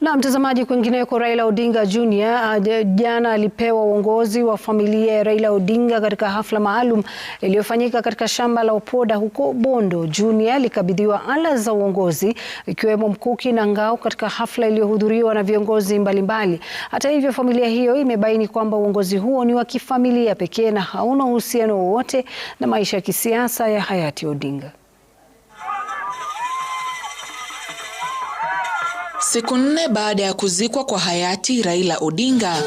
Na mtazamaji, kwingineko, Raila Odinga Junior ah, jana alipewa uongozi wa familia ya Raila Odinga katika hafla maalum iliyofanyika katika shamba la Opoda huko Bondo. Junior alikabidhiwa ala za uongozi ikiwemo mkuki na ngao katika hafla iliyohudhuriwa na viongozi mbalimbali. Hata hivyo, familia hiyo imebaini kwamba uongozi huo ni wa kifamilia pekee na hauna uhusiano wowote na maisha ya kisiasa ya hayati Odinga. Siku nne baada ya kuzikwa kwa hayati Raila Odinga,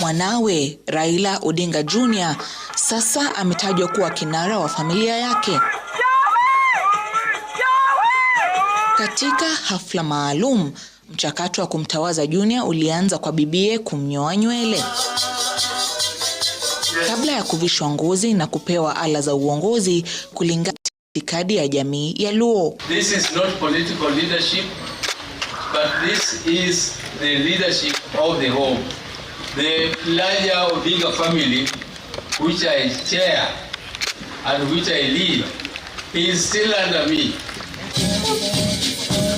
mwanawe Raila Odinga Jr. sasa ametajwa kuwa kinara wa familia yake. Katika hafla maalum, mchakato wa kumtawaza Junior ulianza kwa bibie kumnyoa nywele kabla ya kuvishwa ngozi na kupewa ala za uongozi kulingana na itikadi ya jamii ya Luo. This is not political leadership but this is the leadership of the home. The larger Odinga family, which I chair and which I lead, is still under me.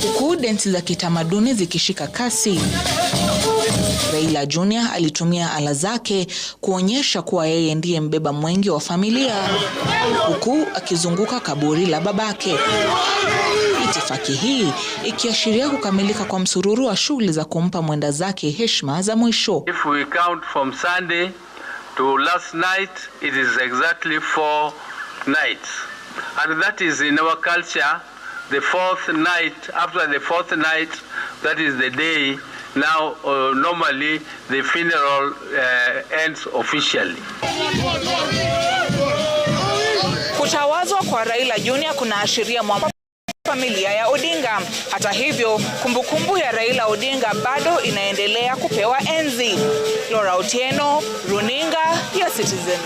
Huku densi za kitamaduni zikishika kasi, Raila Junior alitumia ala zake kuonyesha kuwa yeye ndiye mbeba mwengi wa familia huku akizunguka kaburi la babake. Itifaki hii ikiashiria kukamilika kwa msururu wa shughuli za kumpa mwenda zake heshima za mwisho. If we count from Sunday to last night, it is exactly four nights. And that is in our culture, the fourth night, after the fourth night, that is the day Now, uh, normally, the funeral, uh, ends officially kwa Raila Junior kunaashiria mwamba familia ya Odinga. Hata hivyo, kumbukumbu ya Raila Odinga bado inaendelea kupewa enzi. Laura Otieno, Runinga ya Citizen.